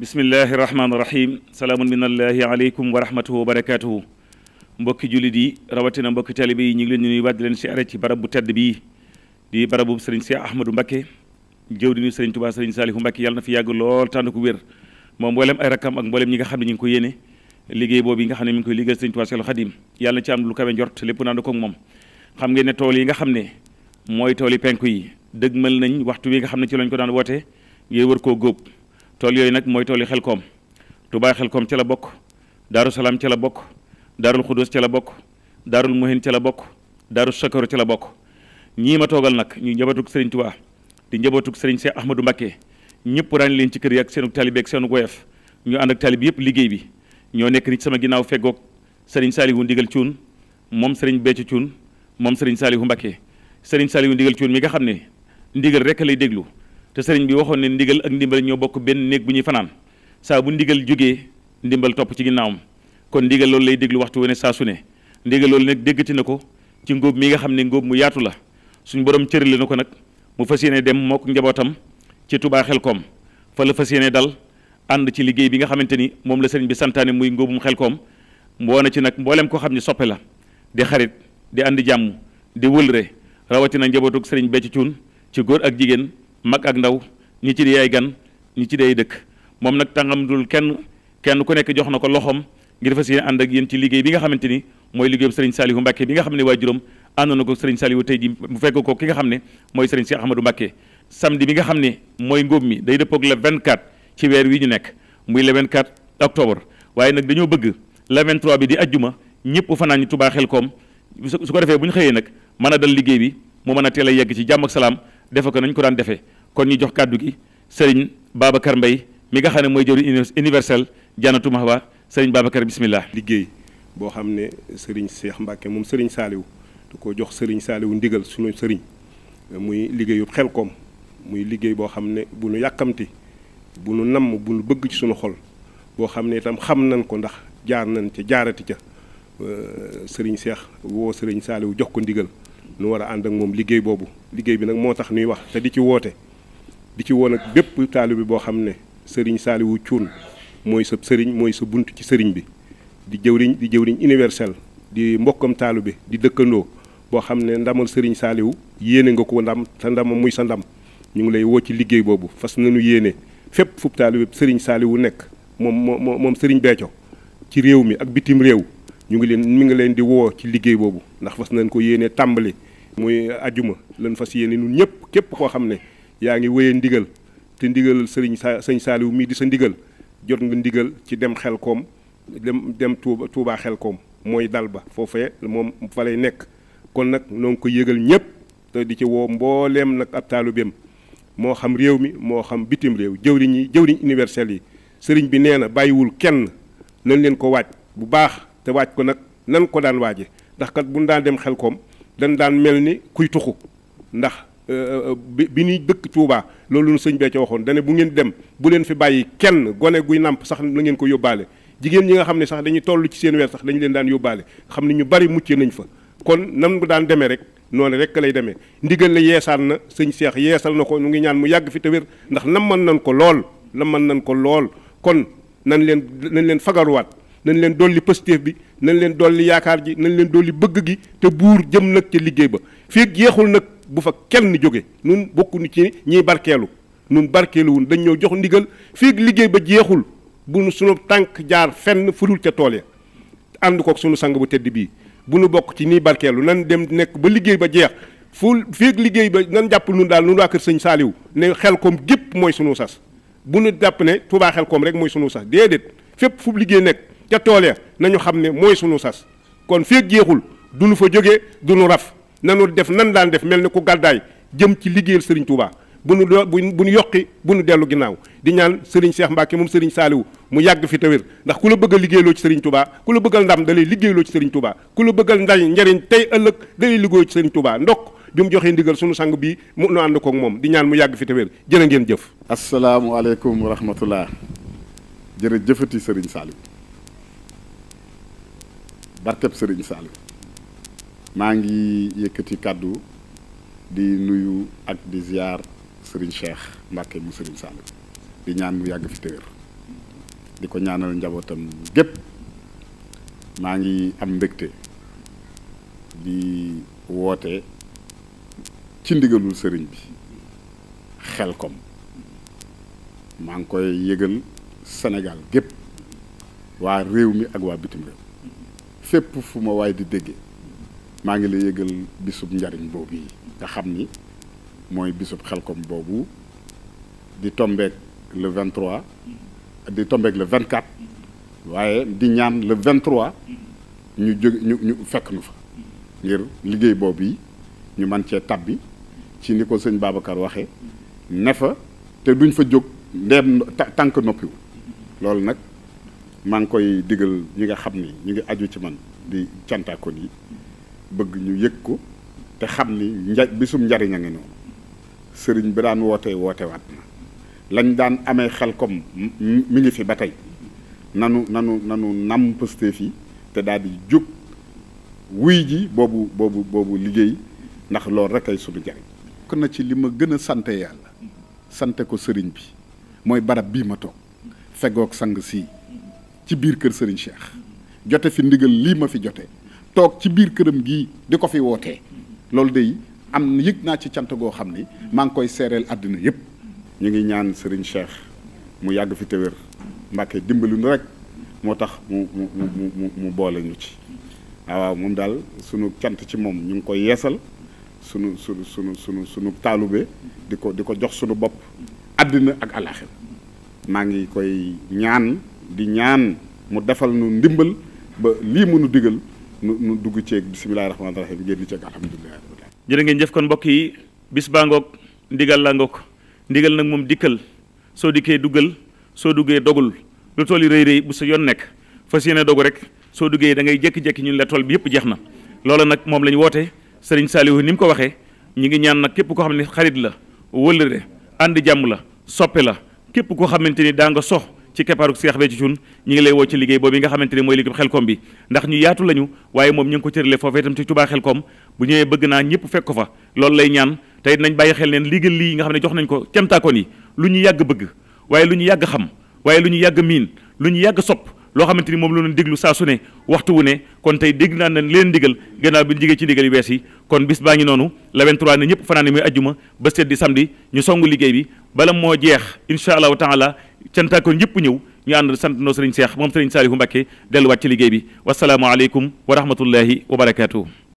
bismillahi rahmaani rahim salaamun minallahi aleykum wa rahmatuhu wa barakatuhu mbokki jullit yi rawatina mbokki talibe yi ñu ngi leen nuyu waat di leen siyaare ci barab bu tedd bii di barabu sëriñ Cheikh Ahmadou Mbacké jëw di nuyu sëriñ Touba sëriñ Saalihu Mbacké yàlla na fi yàgg lool tànn ko wér moom mboolem ay rakkam ak mboolem ñi nga xam ne ñu ngi ko yéene liggéey boobu yi nga xam ne mi ngi koy liggéey sëriñ Touba Seexul Xadim am lu kawe njort lépp naan ko ak moom ne tool yi nga xam ne mooy tool yi penku yi dëgmal nañ waxtu wi nga xam ne ci lañ ko daan woote ngay wër koo góob tool yooyu nag mooy tool yi xelkoom Touba xelkoom ca la bokk daaru salaam ca la bokk daarul xudus ca la bokk daarul muhin ca la bokk daaru sakaro ca la bokk ñii ma toogal nag ñu njabootug Serigne Touba di njabootug Serigne Cheikh Ahmadou Mbacké ñëpp ràññi leen ci kër yi ak seenu taalib ak seenu woyof ñu ànd ak taalib yëpp liggéey bi ñoo nekk nit sama ginnaaw feggoog Serigne Saliou Ndigal Thioune moom Serigne Béthio Thioune moom Serigne Saliou Mbacké Serigne Saliou Ndigal Thioune mi nga xam ne ndigal rek lay déglu te bi waxoon ne ndigal ak ndimbal ñoo bokk benn néeg bu ñuy fanaan saa bu ndigal jógee ndimbal topp ci ginnaawam kon ndigal loolu lay déglu waxtu wane saa su ne ndigal loolu nag déggati na ko ci ngóob mi nga xam ne ngóob mu yaatu la suñ borom cërale na ko nag mu fas yéene dem mook njabootam ci Touba Xelkom fa la fas yéene dal ànd ci liggéey bi nga xamante ni moom la sëriñ bi santaane muy ngóobum Xelkom mboo na ci nag mbooleem koo xam ne soppe la di xarit di ànd jàmm di wëlre rawatina njabootug sëriñ Béthio ci góor ak jigéen mag ak ndaw ñi ci di ay gan ñi ci day dëkk moom nag tàngamdul kenn kenn ku nekk jox na ko loxoom ngi fas yéene ànd ak yéen ci liggéey bi nga xamante ni mooy liggéeyu Serigne Saliou Mbacke bi nga xam ne waajuram àndoon na ko Serigne Saliou tey ji fekk ko ki nga xam ne mooy Serigne Cheikh Ahmadou Mbacke samedi bi nga xam ne mooy ngóob mi day dëppoog le 24 ci weer wi ñu nekk muy le 24 octobre waaye nag dañoo bëgg le 23 bi di ajjuma ñëpp fanaan ñi Touba Xelkom su ko defee bu ñu xëyee nag mën a dal liggéey bi mu mën teel a yegg ci jàmm salaam defe ko nañ ko daan defee kon ñu jox kàddu gi sëriñ Babacar mbay mi nga xam ne mooy jëwriñ universel Jannatul Mahwa sëriñ Babacar bismillah liggéey boo xam ne sëriñ Seex Mbàkke moom sëriñ Saaliw da koo jox sëriñ Saaliw ndigal suñu sëriñ muy liggéeyu koom muy liggéey boo xam ne bu nu yàkkamti bu nu namm bu nu bëgg ci suñu xol boo xam ne itam xam nañ ko ndax jaar nañ ca jaarati ca sëriñ euh, Seex woo sëriñ Saaliw jox ko ndigal nu war ànd ak moom liggéey boobu liggéey bi nag moo tax nuy wax te di ci woote di ci woon ak bépp taalibe bi boo xam ne sëriñ Saaliwu Cuun mooy sa sëriñ mooy sa bunt ci sëriñ bi di jëwriñ di jëwriñ universel di mbokkam taalibe bi di dëkkandoo boo xam ne ndamal sëriñ Saaliwu yéene nga ko ndam sa ndamam muy sa ndam ñu ngi lay woo ci liggéey boobu fas nañu yéene fépp fu taalibe bi sëriñ Saaliwu nekk moom moo moom sëriñ Béthio ci réew mi ak bitim réew ñu ngi leen mu ngi leen di woo ci liggéey boobu ndax fas nañ ko yéene tàmbali muy ajuma lan fas yéene nun ñëpp képp koo xam ne yaa ngi wéyee ndigal te ndigal sëriñ saa sëñ Saaliw mii di sa ndigal jot nga ndigal ci dem xel koom dem dem Touba Touba xel koom mooy dal ba foofee moom fa lay nekk kon nag noo ko yëgal ñëpp te di ci woo mbooleem nag ab bem moo xam réew mi moo xam bitim réew jëwriñ yi jëwriñ universel yi sëriñ bi nee na bàyyiwul kenn nañ leen ko waaj bu baax te waaj ko nag nan ko daan waaje ndax kat bu ñu daan dem xel koom dañ daan mel ni kuy tuxu ndax euh, euh, bi bi ñuy dëkk Touba loolu nu sëñ bee ca waxoon dane bu ngeen dem bu leen fi bàyyi kenn gone guy nàmp sax na ngeen ko yóbbaale jigéen ñi nga xam ne sax dañu toll ci seen weer sax dañu leen daan yóbbaale xam ne ñu bari mucce nañ fa kon nam mu daan demee rek noonu rek lay demee ndigal la yeesaan na sëñ Seex yeesal na ko ñu ngi ñaan mu yàgg fi te ndax nam mën nañ ko lool nam mën nañ ko lool kon nan leen nañ leen fagaruwaat nañ leen dolli positif bi nañ leen dolli yaakaar ji nañ leen dolli bëgg gi te buur jëm nag ca liggéey ba fii yeexul nag bu fa kenn jóge nun bokkuñu ci ñiy barkeelu nun barkeelu dañ ñoo jox ndigal fii liggéey ba jeexul bu sunu tànk jaar fenn furul ca tool ya ànd kook sunu sang bu bii bu nu bokk ci nii barkeelu nan dem nekk ba liggéey ba jeex fu fii liggéey ba nan jàpp nun daal nun waa kër sëñ saaliw ne xel koom gépp mooy sunu sas bu nu jàpp ne Tuubaa xel koom rek mooy sunu sas déedéet fépp fu liggéey nekk ca tool ya nañu xam ne mooy sunu sas kon feeg jeexul du nu fa jógee du nu raf nanu def nan daan def mel ni ku gàddaay jëm ci liggéeyal Serigne Touba bu nu bu nu yokki bu nu dellu ginnaaw di ñaan Serigne Cheikh Mbacke moom Serigne saaliw mu yàgg fi tawér ndax ku la bëgg a liggéeyloo ci Serigne Touba ku la bëggal ndam da liggéeyloo ci Serigne Touba ku la bëggal ndañ njariñ tey ëllëg da lay liggéeyoo ci Serigne Touba ndokk bi mu joxee ndigal sunu sang bii mu nu ànd koog di ñaan mu yàgg fi tawér jërë ngeen jëf asalaamualeykum wa rahmatullah jërëjëfati Serigne Saliou barkeb sëriñ Saliou maa ngi yëkkati kàddu di nuyu ak di ziar Serigne Cheikh Mbacke mu sëriñ Saliou di ñaan mu yàgg fi téwér di ko ñaanal njabootam gépp maa ngi am mbégte di woote ci ndigalul sëriñ bi xel Xelcom maa ngi koy yëgal senegal gépp waa réew mi ak waa bitim réew fépp fu ma waaye di déggee maa ngi la yëgal bisub njariñ boobu yi nga xam ni mooy bisub xelkom boobu di tombeek le 23 di tombeek le 24 waaye di ñaan le 23 ñu jóg ñu ñu fekk nu fa ngir liggéey boobu yi ñu man cee tabbi ci ni ko sëñ Babacar waxe ne fa te duñ fa jóg ndeem tànk noppiwu loolu nag maa ngi koy digal ñi nga xam ni ñu ngi aju ci man di cantaakoon yi bëgg ñu yëg ko te xam ni nja bisum njariñ a ngi noonu sëriñ bi daan wootee woote waat na lañ daan amee xel comme mi ngi fi ba tey nanu nanu nanu nam pëste fi te daal di jóg wuy ji boobu boobu boobu liggéey ndax loolu rek ay sunu jariñ bokk na ci li ma gën a sante yàlla sante ko sëriñ bi mooy barab bii ma toog fegoog sang sii ci biir kër Serigne Cheikh jote fi ndigal lii ma fi jote toog ci biir këram gi di ko fi wootee loolu day am na yëg naa ci cant goo xam ni maa ngi koy seereel àddina yëpp ñu ngi ñaan Serigne Cheikh mu yàgg fi téwér Mbàkke dimbali nu rek moo tax mu mu mu mu boole ñu ci waaw moom daal sunu cant ci moom ñu ngi koy yeesal sunu sunu sunu sunu sunu taalube di ko di ko jox sunu bopp àddina ak àllaaxira maa ngi koy ñaan di ñaan mu defal nu ndimbal ba lii mënu digal nu dugg ceeg bisimilahi rahmaani rahim génn ceeg alhamdulilahi ngeen jëf kon mbokk yi bis baa ngoog ndigal laa ngoog nag moom dikkal soo dikkee duggal soo duggee dogul lu tool yi rëy rëy bu sa yoon nekk fas yéene dogu rek soo duggee da ngay jékki-jékki ñun la tool bi yëpp jeex na loola nag moom la ñu woote sëriñ Saalihu ni mu ko waxee ñi ngi ñaan nag képp koo xam ne xarit la wëllëre ànd jàmm la soppe la képp koo xamante ni daa nga sox ci keppaaruk Seex Béthio Thioune ñi ngi lay woo ci liggéey boobu nga xamante ni mooy liggéey xelkom bi ndax ñu yaatu lañu waaye moom ñu ngi ko cëralee foofee itam ci Touba xelkom bu ñëwee bëgg naa ñëpp fekk ko fa loolu lay ñaan tey nañ bàyyi xel neen liggéey lii nga xam ne jox nañ ko cemtaakoon yi lu ñu yàgg bëgg waaye lu ñu yàgg xam waaye lu ñu yàgg miin lu ñu yàgg sopp loo xamante ni moom la ñu déglu saa su ne waxtu wu ne kon tey dégg naa ne leen ndigal gannaaw bi ñu jigee ci ndigal yu yi kon bis baa ngi noonu la 23 ne ñëpp fanaan ni muy ajjuma ba seet di samedi ñu songu liggéey bi bala moo jeex incha allahu taala cantaakoon yëpp ñëw ñu ànd sant noo sëriñ Seex moom sëriñ Saalihu Mbàkke delluwaat ci liggéey bi wasalaamualeykum wa rahmatullahi wa barakaatu.